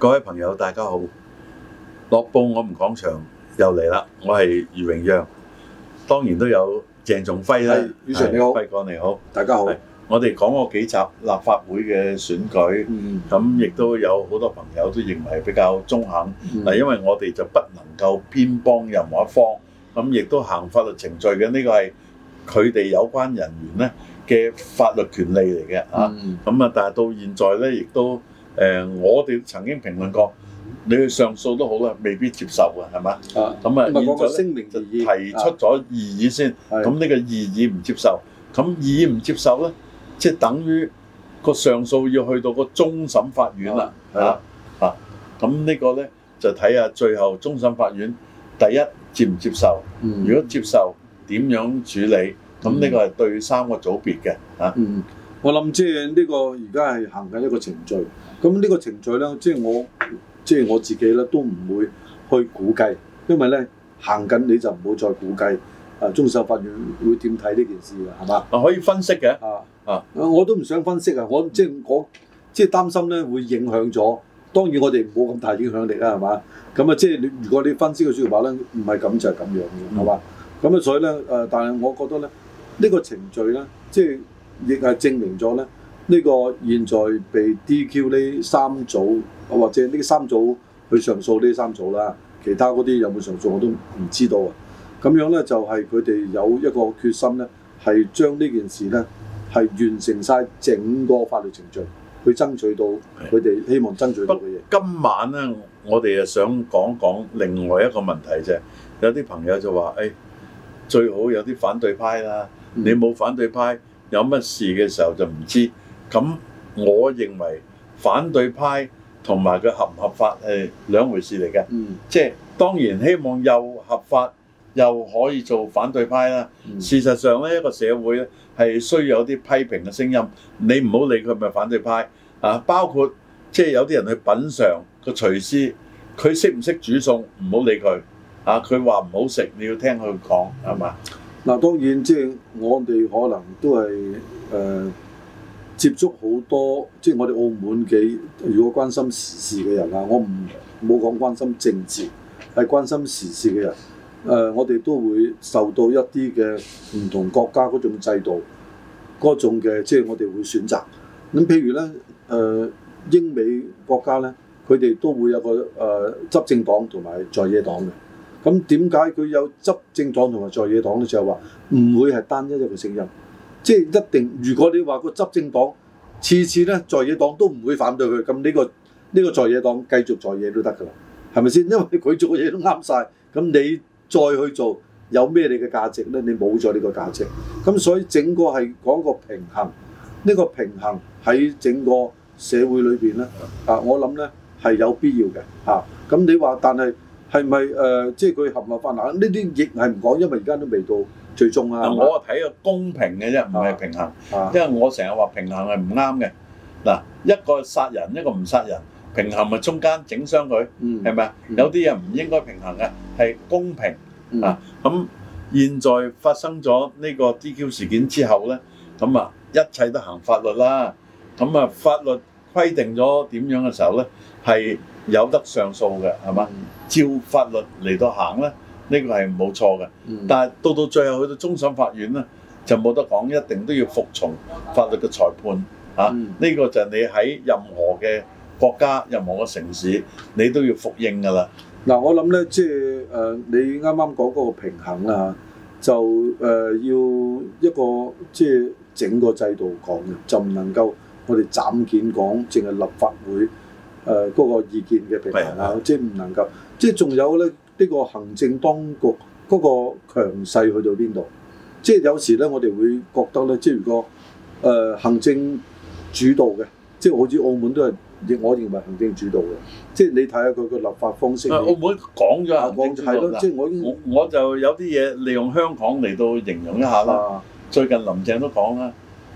各位朋友，大家好！樂報我們講場又嚟啦，我係余榮陽，當然都有鄭仲輝啦。宇常、 哎、你好，輝哥你好，大家好。我哋講過幾集立法會嘅選舉，咁亦、嗯嗯嗯、都有好多朋友都認為比較中肯。嗱、嗯，因為我哋就不能夠偏幫任何一方，咁亦都行法律程序嘅。呢、這個係佢哋有關人員呢嘅法律權利嚟嘅啊。咁啊，嗯嗯、但係到現在呢，亦都。誒、呃，我哋曾經評論過，你去上訴都好啦，未必接受嘅，係嘛？咁啊，提出提出咗異議先，咁呢、啊、個異議唔接受，咁異議唔接受咧，即係等於個上訴要去到個終審法院啦，嚇嚇、啊，咁吧、啊、呢個咧就睇下最後終審法院第一接唔接受？嗯、如果接受，點樣處理？咁呢個係對三個組別嘅嚇。我諗即係呢個而家係行緊一個程序，咁呢個程序咧，即係我即係我自己咧都唔會去估計，因為咧行緊你就唔好再估計啊、呃！終審法院會點睇呢件事啊？係嘛？啊，可以分析嘅啊啊！我都唔想分析啊！我即係我即係擔心咧會影響咗。當然我哋冇咁大影響力啦，係嘛？咁啊，即係如果你分析嘅說話咧，唔係咁就咁、係、樣嘅，係嘛、嗯？咁啊，所以咧誒、呃，但係我覺得咧呢、這個程序咧，即係。亦係證明咗咧，呢個現在被 DQ 呢三組，或者呢三組去上訴呢三組啦，其他嗰啲有冇上訴我都唔知道啊。咁樣咧就係佢哋有一個決心咧，係將呢件事咧係完成晒整個法律程序，去爭取到佢哋希望爭取到嘅嘢。今晚咧，我哋啊想講講另外一個問題啫。有啲朋友就話：誒，最好有啲反對派啦，你冇反對派。嗯有乜事嘅時候就唔知，咁我認為反對派同埋佢合唔合法係兩回事嚟嘅，嗯、即係當然希望又合法又可以做反對派啦。嗯、事實上呢一個社會咧係需要有啲批評嘅聲音，你唔好理佢係咪反對派啊。包括即係有啲人去品嚐個廚師，佢識唔識煮餸，唔好理佢啊，佢話唔好食你要聽佢講係嘛。嗯嗱，當然即係我哋可能都係誒接觸好多，即係我哋澳門嘅如果關心時事嘅人啊，我唔冇講關心政治，係關心時事嘅人，誒我哋都會受到一啲嘅唔同國家嗰種制度嗰種嘅，即係我哋會選擇咁，譬如咧誒英美國家咧，佢哋都會有個誒執政黨同埋在野黨嘅。咁點解佢有執政黨同埋在野黨嘅時候話唔會係單一一個聲音，即係一定。如果你話個執政黨次次咧在野黨都唔會反對佢，咁呢個呢個在野黨繼續在野都得㗎啦，係咪先？因為佢做嘅嘢都啱晒。咁你再去做有咩你嘅價值咧？你冇咗呢個價值，咁所以整個係講個平衡，呢個平衡喺整個社會裏邊咧，啊，我諗咧係有必要嘅嚇。咁你話但係？係咪誒？即係佢合唔合法啊？呢啲亦係唔講，因為而家都未到最終啊！我啊睇個公平嘅啫，唔係平衡。因為我成日話平衡係唔啱嘅。嗱，一個殺人，一個唔殺人，平衡咪中間整傷佢，係咪啊？有啲嘢唔應該平衡嘅，係公平啊！咁現在發生咗呢個 DQ 事件之後咧，咁啊一切都行法律啦。咁啊法律。規定咗點樣嘅時候咧，係有得上訴嘅，係嘛？照法律嚟到行咧，呢個係冇錯嘅。但係到到最後去到終審法院咧，就冇得講，一定都要服從法律嘅裁判嚇。呢個就係你喺任何嘅國家、任何嘅城市，你都要服應㗎啦。嗱，我諗咧，即係誒，你啱啱講嗰個平衡呀，就誒要一個即係整個制度講嘅，就唔能夠。我哋斬件講，淨係立法會誒嗰、呃那個意見嘅平台啦，即係唔能夠，即係仲有咧呢個行政當局嗰個強勢去到邊度？即係有時咧，我哋會覺得咧，即係如果誒、呃、行政主導嘅，即係好似澳門都係，我認為行政主導嘅，即係你睇下佢個立法方式。澳門講咗行政主導啦。即係我我我就有啲嘢利用香港嚟到形容一下啦。的最近林鄭都講啦。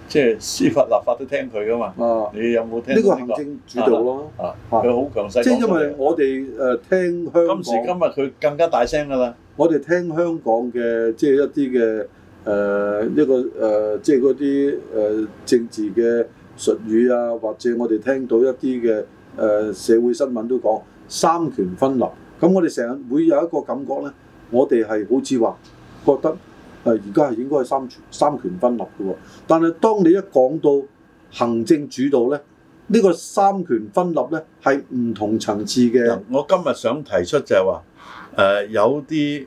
即係司法立法都聽佢噶嘛？啊，你有冇聽、這個？呢個行政主導咯、啊。佢好強勢。即係、啊、因為我哋誒聽香港。今時今日佢更加大聲噶啦。我哋聽香港嘅即係一啲嘅誒一個誒即係嗰啲誒政治嘅術語啊，或者我哋聽到一啲嘅誒社會新聞都講三權分立。咁我哋成日會有一個感覺咧，我哋係好似話覺得。誒而家係應該係三權三權分立嘅喎，但係當你一講到行政主導咧，呢、這個三權分立咧係唔同層次嘅。我今日想提出就係話，誒、呃、有啲誒、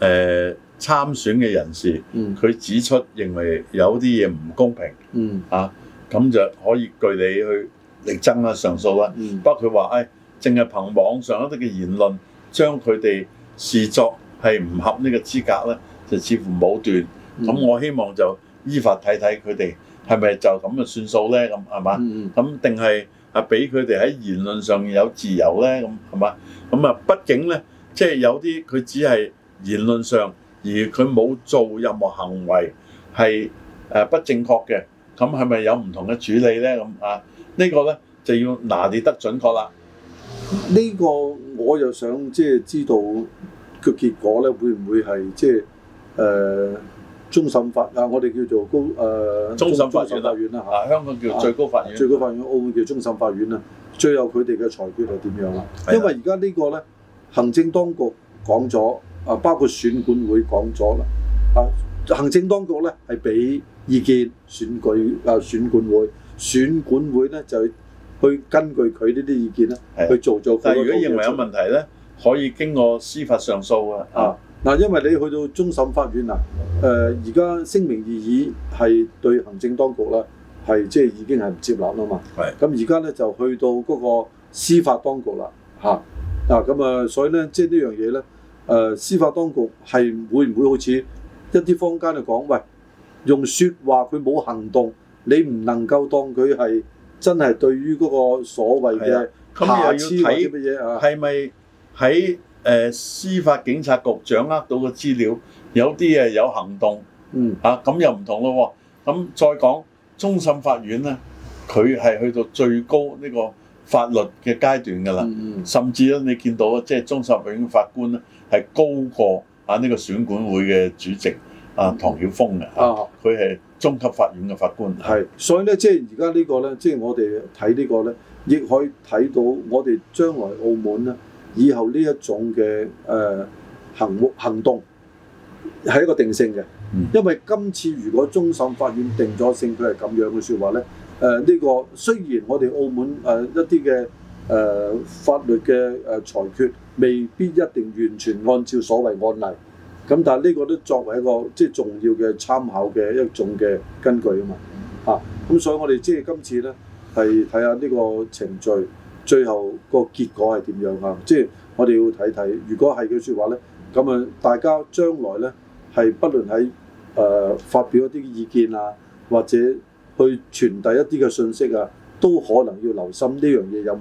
呃、參選嘅人士，佢、嗯、指出認為有啲嘢唔公平，嗯啊咁就可以據理去力爭啦、啊、上訴啦、啊，不過佢話誒，淨係、哎、憑網上一啲嘅言論，將佢哋視作係唔合呢個資格咧。就似乎冇斷。咁我希望就依法睇睇佢哋係咪就咁啊算數呢？咁係嘛？咁定係啊俾佢哋喺言論上有自由呢？咁係嘛？咁啊，畢竟呢，即係有啲佢只係言論上，而佢冇做任何行為係誒不正確嘅，咁係咪有唔同嘅處理呢？咁啊，呢個呢，就要拿捏得準確啦。呢個我又想即係知道個結果呢，會唔會係即係？誒終審法啊，我哋叫做高誒終終審法院啦嚇，香港叫最高法院，最高法院，澳門叫終審法院啦。最後佢哋嘅裁決係點樣啦？因為而家呢個咧，行政當局講咗啊，包括選管會講咗啦啊，行政當局咧係俾意見選舉啊選管會，選管會咧就去根據佢呢啲意見啦，去做做。但如果認為有問題咧，可以經過司法上訴啊。嗱，因為你去到終審法院嗱，誒而家聲明異議，係對行政當局啦，係即係已經係唔接納啊嘛。係的。咁而家咧就去到嗰個司法當局啦，嚇的。嗱咁啊，啊，所以咧，即係呢樣嘢咧，誒、呃、司法當局係會唔會好似一啲坊間去講，喂，用説話佢冇行動，你唔能夠當佢係真係對於嗰個所謂嘅瑕疵嘅啲乜嘢啊？係咪喺？的誒司法警察局掌握到嘅資料，有啲係有行動，嗯啊，咁又唔同咯咁、啊、再講終審法院咧，佢係去到最高呢個法律嘅階段㗎啦。嗯、甚至咧，你見到即係終審法院嘅法官咧，係高過啊呢、呢個選管會嘅主席啊唐曉峰嘅啊，佢係、啊、中級法院嘅法官。係，所以咧即係而家呢、就是、個咧，即、就、係、是、我哋睇呢個咧，亦可以睇到我哋將來澳門咧。以後呢一種嘅誒行為行動係一個定性嘅，嗯、因為今次如果終審法院定咗性，佢係咁樣嘅説話咧，誒、呃、呢、這個雖然我哋澳門誒、呃、一啲嘅誒法律嘅誒、呃呃、裁決未必一定完全按照所謂案例，咁但係呢個都作為一個即係、就是、重要嘅參考嘅一種嘅根據啊嘛，嚇、啊、咁、嗯嗯啊嗯、所以我哋即係今次咧係睇下呢看看個程序。最後個結果係點樣啊？即係我哋要睇睇，如果係句説話呢，咁啊大家將來呢，係不論喺誒、呃、發表一啲意見啊，或者去傳遞一啲嘅信息啊，都可能要留心有有呢樣嘢有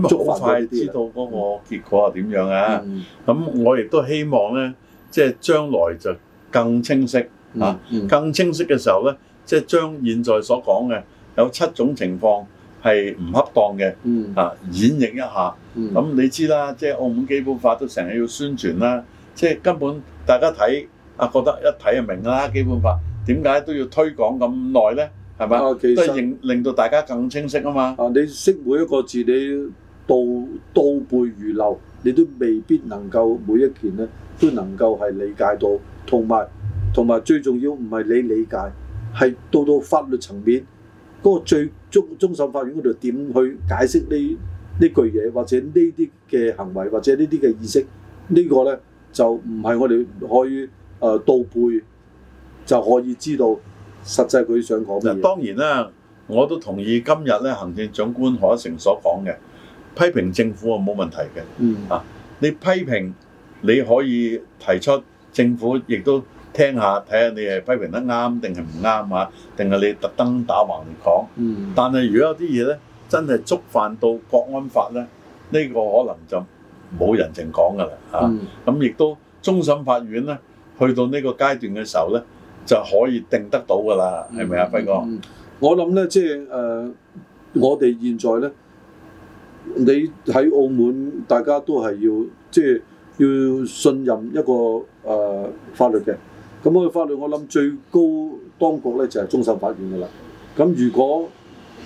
冇觸發到。知道嗰個結果係點樣啊？咁、嗯、我亦都希望呢，即係將來就更清晰嚇，嗯嗯、更清晰嘅時候呢，即係將現在所講嘅有七種情況。係唔恰當嘅，啊演繹一下，咁你知啦，即係《澳門基本法》都成日要宣傳啦，即係根本大家睇啊覺得一睇就明啦，《基本法》點解都要推廣咁耐咧？係咪，都係令令到大家更清晰啊嘛。啊，你識每一個字，你倒倒背如流，你都未必能夠每一件咧都能夠係理解到，同埋同埋最重要唔係你理解，係到到法律層面。嗰個最終終審法院嗰度點去解釋呢呢句嘢，或者呢啲嘅行為，或者呢啲嘅意識，這個、呢個咧就唔係我哋可以誒倒背，就可以知道實際佢想講咩嘢。當然啦，我都同意今日咧行政長官何成所講嘅，批評政府啊冇問題嘅。嗯啊，你批評你可以提出政府亦都。聽下睇下你係批評得啱定係唔啱啊？定係你特登打橫嚟講？嗯。但係如果有啲嘢咧，真係觸犯到國安法咧，呢、這個可能就冇人情講㗎啦。嗯。咁亦、啊、都終審法院咧，去到呢個階段嘅時候咧，就可以定得到㗎啦。係咪、嗯、啊，輝哥？我諗咧，即係誒、呃，我哋現在咧，你喺澳門大家都係要即係要信任一個誒、呃、法律嘅。咁我嘅法律，我諗最高當局咧就係終審法院噶啦。咁如果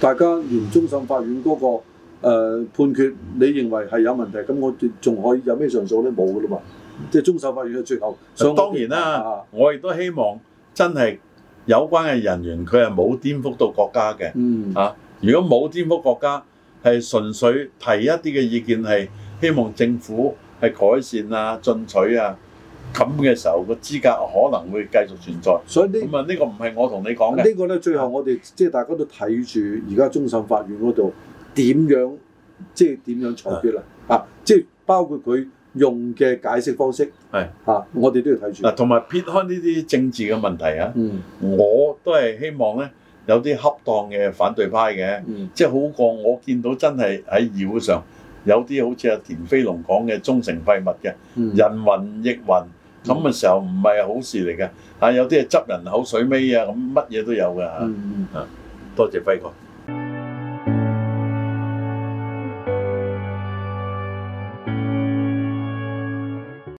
大家連終審法院嗰個、呃、判決你認為係有問題，咁我哋仲可以有咩上訴咧？冇噶啦嘛，即係終審法院嘅最後。當然啦、啊，我亦都希望真係有關嘅人員，佢係冇顛覆到國家嘅。嗯。嚇、啊，如果冇顛覆國家，係純粹提一啲嘅意見，係希望政府係改善啊、進取啊。咁嘅時候，個資格可能會繼續存在。所以呢，咁呢個唔係我同你講嘅。呢個咧，最後我哋、啊、即係大家都睇住而家終審法院嗰度點樣，即係點樣裁決啦？是啊，即係包括佢用嘅解釋方式。係是啊，我哋都要睇住。啊，同埋撇開呢啲政治嘅問題啊，嗯、我都係希望咧有啲恰當嘅反對派嘅，嗯、即係好過我見到真係喺議會上有啲好似阿田飛龍講嘅忠誠廢物嘅，人云亦云。嗯咁嘅、嗯、時候唔係好事嚟㗎，啊有啲係執人口水尾啊，咁乜嘢都有㗎、啊嗯嗯、多謝輝哥。